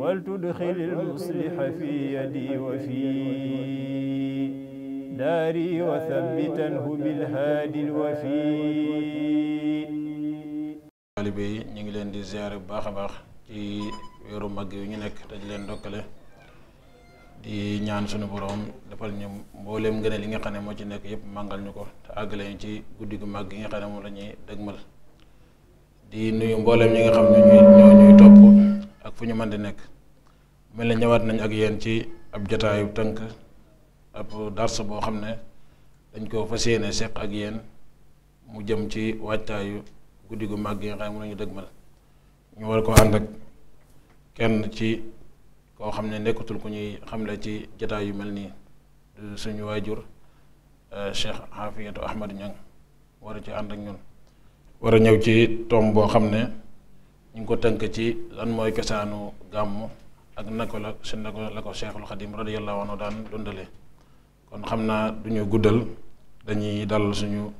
ولتدخل المصلح في يدي وفي داري وثبتنه بالهادي الوفي taalibe yi ñu ngi leen di ziare bu baax a baax ci weeru mag yu ñu nekk dañ leen dokkale di ñaan sunu borom defal ñu mbooleem gënal li nga xam ne moo ci nekk yëpp màngal ñu ko te àggale ñu ci guddi gu mag yi nga xam ne moom la ñuy dëgmal di nuyu mbooleem ñi nga xam ne ñooy ñooy ak fu ñu mën di nekk mel na ñëwaat nañ ak yéen ci ab jotaayu tënk ab dars boo xam ne dañ ko fas yéene seq ak yéen mu jëm ci waajtaayu guddi gu màggee yi nga xam ne mën nañu dëgmal ñu war ko ànd ak kenn ci koo xam ne nekkatul ku ñuy xamle ci jotaay yu mel nii suñu waajur euh, Cheikh Hafiyatu Ahmad Ñang war a ci ànd ak ñun war ñëw ci tomb boo xam ne ñu ko tënk ci lan mooy cosaanu gàmmu ak naka la si naka la ko Cheikhul Xadim radiyallahu anhu daan dundale kon xam naa du guddal dañuy dalal suñu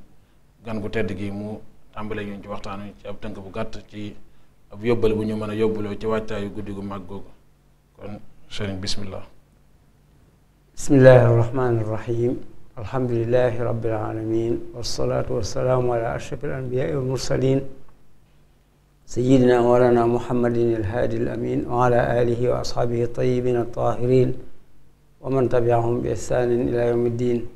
gan gu tedd gi mu tàmbale ñu ci waxtaan wi ci ab tënk bu gàtt ci ab yóbbale bu ñu mën a yóbbaloo ci wàccaayu guddi gu mag googu kon sëriñ bismillah bismillahi arrahmani irrahim alhamdulilahi rabbil alamin wasalaatu wasalaamu ala ashraf al anbiyaai wal mursalin sayyidina mawlana muhammadin alhaadi alamin wa ala alihi wa ashaabihi altahirin wa man tabiahum bi ihsaanin ila yawmi ddin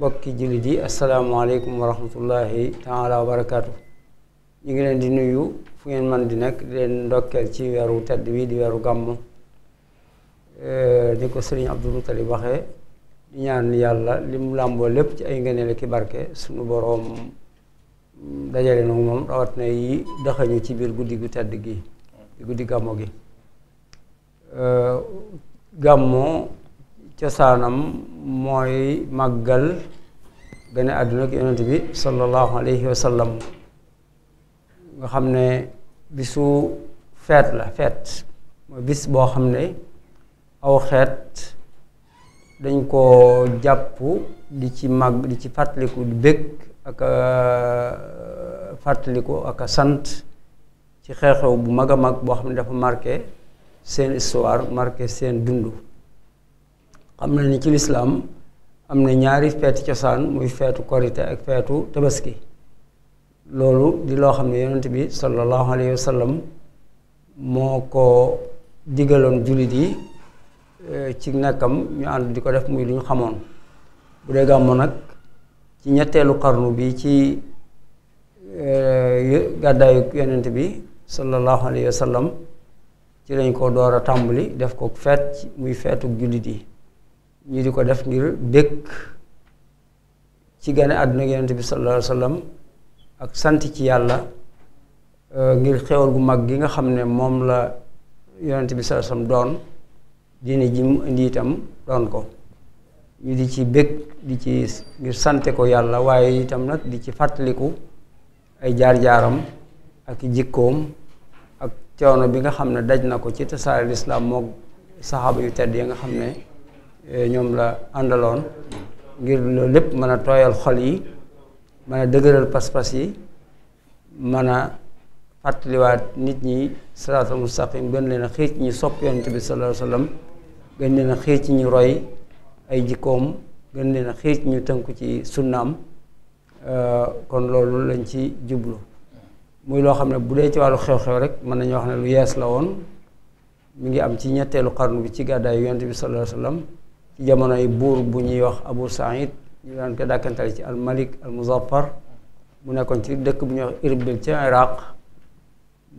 bokki jullit yi assalaamu aleykum wa rahmatullahi taala wa barakaatu ñu ngi leen di nuyu fu ngeen man di nekk leen ndokkeel ci weeru tedd wi di weeru gàmmu eh, ni ko sëriñ Abdul Mutalib waxee di ñaan yàlla li làmboo lépp ci ay ngëneel ki barke sunu boroom dajale nag moom rawat na yi doxañu ci biir guddi gu tedd gi guddi gàmmo gi euh, gàmmo cosaanam mooy màggal gane àdduna ak yonent bi sallallahu alayhi wa nga xam ne bisu feet la feet mooy bis boo xam ne aw xeet dañ ko jàpp di ci màgg di ci fàttaliku di bëgg ak euh, fàttaliku ak sant ci xew-xew bu mag a mag boo xam ne dafa marke seen histoire marke seen dund xam na ni ci lislaam am na ñaari feeti cosaan muy feetu korite ak feetu tabaski loolu di loo xam ne yonent bi sallallahu alayhi wa moo ko digaloon jullit yi euh, ci nekkam ñu ànd di ko def muy lu ñu xamoon bu dee gàmmu nag ci ñetteelu xarnu bi ci eh, gàddaayu yonent bi sallallahu alayhi wa sallam ci lañ ko door a tàmbali def ko feet muy feetu jullit yi ñu di ko def ngir dëkk ci gane àdduna yonent bi sallallahu alayhi ak sant ci yàlla eh, ngir xewal gu mag gi nga xam ne moom la yonent bi sallallahu alayhi wa sallam doon diine ji mu indi itam doon ko ñu di ci bég di ci ngir sante ko yàlla waaye itam nag di ci fàttaliku ay jaar-jaaram ak jikkoom ak coono bi nga xam ne daj na ko ci tasaare lislaam moog saxaaba yu tedd yi nga xam ne e, ñoom la àndaloon ngir loolu lépp mën a tooyal xol yi mën a dëgëral pas-pas yi mën a fàttaliwaat nit ñi siraatal mustaqim gën leen a xiic ñi sopp yonent bi sallallahu alayhi wa gën leen a ci ñi roy ay jikkoom gën leen a xiic ñu tënku ci sunnaam euh, kon loolu lañ ci jublu muy loo xam ne bu dee ci wàllu xew-xew rek mën nañu wax ne lu yees la woon mu ngi am ci ñetteelu xarnu bi ci gàddaayu yonent bi sallallahu alayhi wasallam ci jamono buur bu ñuy wax Abu Saïd ñu daan ko dàkkantale ci al Malik al Muzaffar mu nekkoon ci dëkk bu ñuy wax Irbil ci Iraq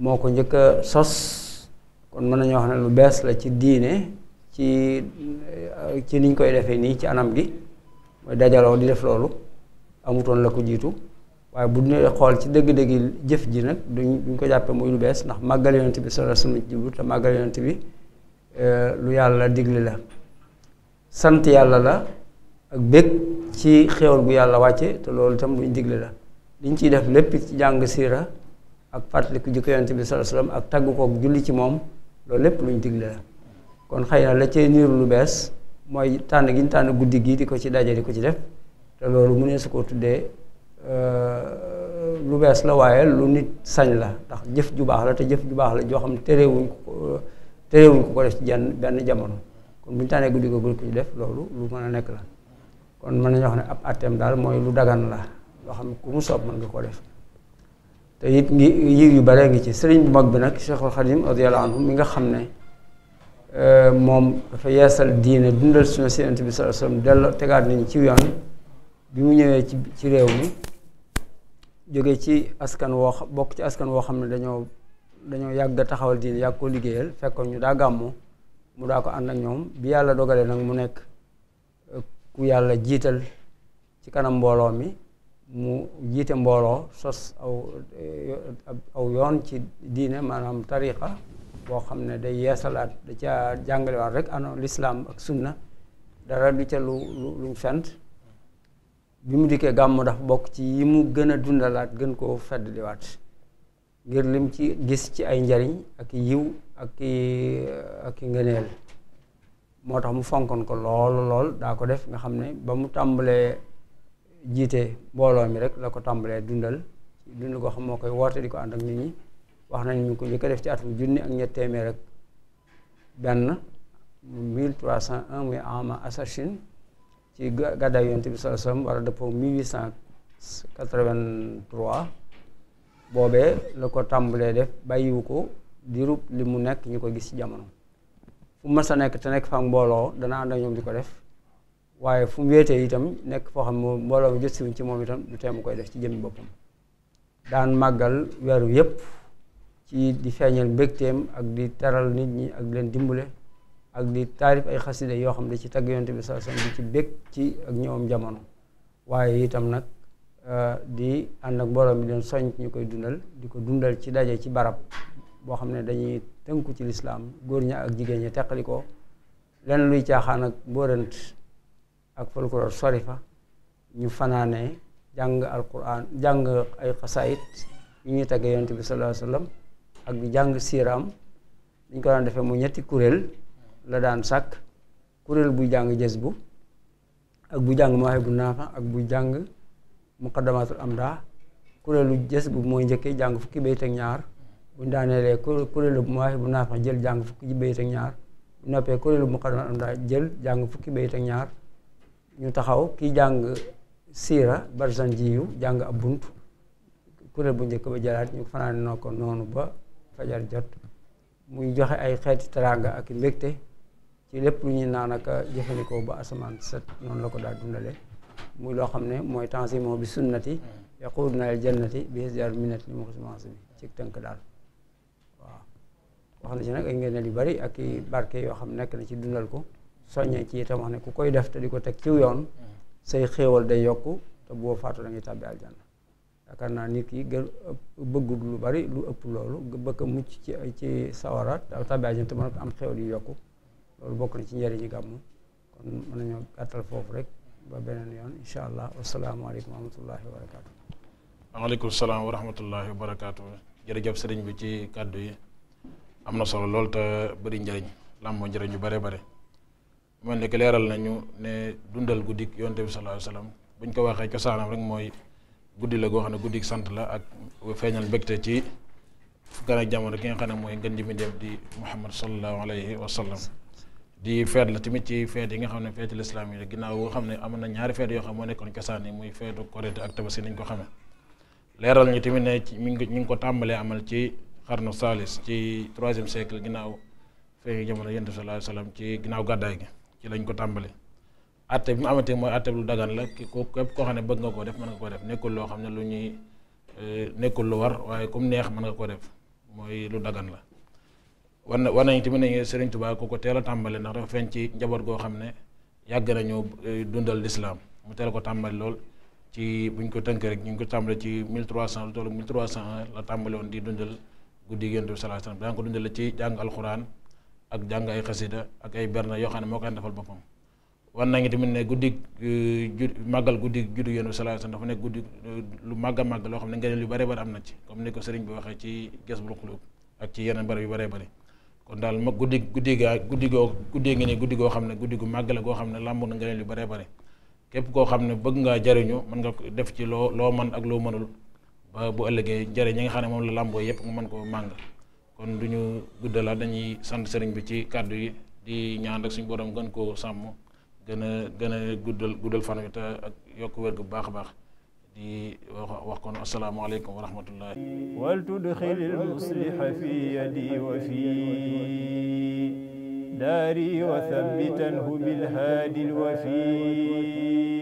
moo ko njëkk a sos kon mën nañu wax ne lu bees la ci diine ci ci niñ koy defee nii ci anam gi mooy dajaloo di def loolu amutoon la ko jiitu waaye bu ñu xool ci dëgg-dëgg jëf ji nag duñ duñ ko jàppee muy lu bees ndax màggal bi solo sunu jiblu te màggal yonent bi euh, lu yàlla digle la sant yàlla la ak bég ci xéewal bu yàlla wàcce te loolu tam luñ digle la liñ ciy def lépp ci jàng siira ak fàttaliku jikko yonent bi solo solo ak tagg kook julli ci moom loolu lépp luñ digle la kon xay na la cee niir lu bees mooy tànn gi ñu tànn guddi gi di ko ci daje ko ci def te loolu mu ne su ko tuddee euh, lu bees la waaye lu nit sañ la ndax jëf ju baax la te jëf ju baax la joo xam ne terewuñ ko terewuñ ko ko def ci jenn benn jamono kon bu ñu tànnee guddi ko di ko ci def loolu lu mën a nekk la kon mën nañu wax ne ab atteem daal mooy lu dagan la loo xam ne ku mu soob mën nga koo def te nit ngi yiw yu bare ngi ci sëriñ bu mag bi nag Cheikhul Xadim radiyallahu anhu mi nga xam ne Euh, moom dafa yeesal diine dundal sunna si yonent bi sallallahu alayhi wasallam delloo tegaat nañu ci yoon bi mu ñëwee ci ci réew mi jóge ci askan woo bokk ci askan woo xam ne dañoo dañoo yàgg a taxawal diine yàgg koo liggéeyal fekkoon ñu daa gàmmu mu daa ko ànd ak ñoom bi yàlla dogalee nag mu nekk euh, ku yàlla jiital ci kanam mbooloo mi mu jiite mbooloo sos aw euh, aw yoon ci diine maanaam tariqa boo xam ne day yeesalaat da ca jàngalewaat rek ano lislaam ak sunna dara du ca lu lu lu fent bi mu dikkee gàmmu dafa bokk ci yi mu gën a dundalaat gën koo feddliwaat ngir lim ci gis ci ay njariñ ak yiw ak ak ngëneel moo tax mu fonkoon ko lool lool daa ko def nga xam ne ba mu tàmbalee jiite mbooloo mi rek la ko tàmbalee dundal dund ko xam moo koy woote di ko ànd ak nit ñi wax nañ ñu ko njëkk a def ci atum junni ak ñett téeméer ak benn mille trois cent un muy ama asachine ci gàddaay yonent bi sallallahu alayhi wasallam war a dëppoo mille huit cent quatre-vingt-trois boobee la ko tàmbalee def bàyyiwu ko dirub li mu nekk ñu ko gis ci jamono fu ma mës a nekk te nekk fa mbooloo dana ànd ak ñoom di ko def waaye fu mu wéetee itam nekk foo xam ne mbooloo mi ci moom itam du teem koy def ci jëmmi boppam daan màggal weeru yépp ci di feeñal mbégteem ak di teral nit ñi ak leen dimbale ak di taarif ay xasida yoo xam ne ci tagg yonent bi sallallahu alayhi di ci bég ci ak ñëwam jamono waaye itam nag euh, di ànd ak borom leen soññ ñu koy dundal di ko dundal ci daje ci barab boo xam ne dañuy tënku ci lislaam góor ña ak jigéen ña teqali ko lenn luy caaxaan ak ak folklore sori fa ñu fanaanee jàng ay xasaayit yu ñuy tagge yonent bi sallallahu alayhi ak di jàng siiraam dañ ko daan defee mu ñetti kuréel la daan sàkk kuréel buy jàng jës bu ak bu jàng bu Naafi ak bu jàng am Amdah kuréelu jës bu mooy njëkkee jàng fukki bayt ak ñaar buñ daaneelee kuréelu Mawaahibu Naafi jël jàng fukki bayt ak ñaar bu noppee kuréelu Muqaddamatul Amdah jël jàng fukki bayt ñaar ñu taxaw ki jàng siira Barzanji yu jàng ab bunt kuréel bu njëkk ba jëlaat ñu fanaane noonu ba fajar jot muy joxe ay xeeti teraanga ak mbégte ci lépp lu ñuy naan jëfandikoo ba asamaan set noonu la ko daal dundale muy loo xam ne mooy tanzimo bi sunnati yaquuduna al jannati bi hisdar minat li mu semence bi ci tënk daal waaw wax na ci nag ay ngeeneel yu bari ak i barke yoo xam nekk na ci dundal ko soññee ci itam wax ne ku koy def te di ko teg ci yoon say xéewal day yokk te boo faatu da ngay tàbbi aljanna yaakaar naa nit ki gën bëggul lu bari lu ëpp loolu bëgg a mucc ci ci sawara tabi ajante mën a am xewal yu yokk loolu bokk na ci njëriñu gàmmu kon mën nañoo gàttal foofu rek ba beneen yoon incha allah wasalaamualeykum wa rahmatullahi wa barakaatu. waaleykum salaam wa rahmatullahi wa jërëjëf sëriñ bi ci kàddu yi am na solo lool bëri njëriñ làmboo njëriñ yu bare bare mel ni que leeral nañu guddik yonte bi sallallahu alayhi wa sallam buñ ko waxee cosaanam rek mooy. guddi la goo xam ne guddi sant la ak feeñal mbégte ci gan ak jamono ki nga xam ne mooy ngën ji mbindéef di Muhammad sallallahu alayhi wa sallam di feet la tamit ci feet yi nga xam ne feeti lislaam yi la ginnaaw woo xam ne amoon na ñaari feet yoo xam moo nekkoon cosaan yi muy feetu korite ak tabaski niñ ko xamee leeral ñu tamit ne mi ngi ñu ngi ko tàmbalee amal ci xarnu saalis ci troisième siècle ginnaaw feeñu jamono yonent bi sallallahu alayhi wa ci ginnaaw gàddaay gi ci lañ ko tàmbalee atte bi mu amatee mooy atte lu dagan la ko képp koo xam ne bëgg nga koo def mën nga koo def nekkul loo xam ne lu ñuy eh, nekkul lu war waaye comme neex mën nga koo def mooy lu dagan la war na war nañ tamit nañu Sëriñ Tuubaa ku ko teel a tàmbali ndax dafa feeñ ci njaboot goo xam ne yàgg nañu eh, dundal lislaam mu teel ko tàmbali lool ci buñ ko tënk ñu ngi ko tàmbali ci mille trois cent lu toll cent la tàmbali woon di dundal guddi Yonent bi sallallahu alayhi wasallam daan ko dundal ci jàng alxuraan ak jàng ay xasida ak ay berna yoo xam ne moo koy defal boppam war nañu tamit ne guddi euh, ju màggal guddi juddu yéen bi sallallahu alayhi wasallam dafa nekk guddi euh, lu màgga màgg loo xam ne ngeen lu bare bare am na ci comme ni ko sëriñ bi waxee ci Jazbul Qulub ak yeneen barab yu bare bare kon daal ma guddi guddi gaa guddi goo guddee ngi ne guddi goo xam ne guddi gu màgg la goo xam ne làmb na ngeen bare bare képp koo xam ne bëgg ngaa jariñu mën nga def ci loo loo mën ak loo mënul ba bu ëllëgee njëriñ ñi nga xam ne moom la làmboo yëpp nga mën koo màng kon du ñu guddalaat dañuy sant sëriñ bi ci kàddu yi di ñaan rek suñu borom gën koo sàmm gën a gën a guddal guddal fan wi te ak yokk wér gu baax a baax di wax wax kon asalaamaaleykum wa rahmatullah wal tudxilil musliha fi yadi wa fi daari wa thabbitanhu bil haadi al wafi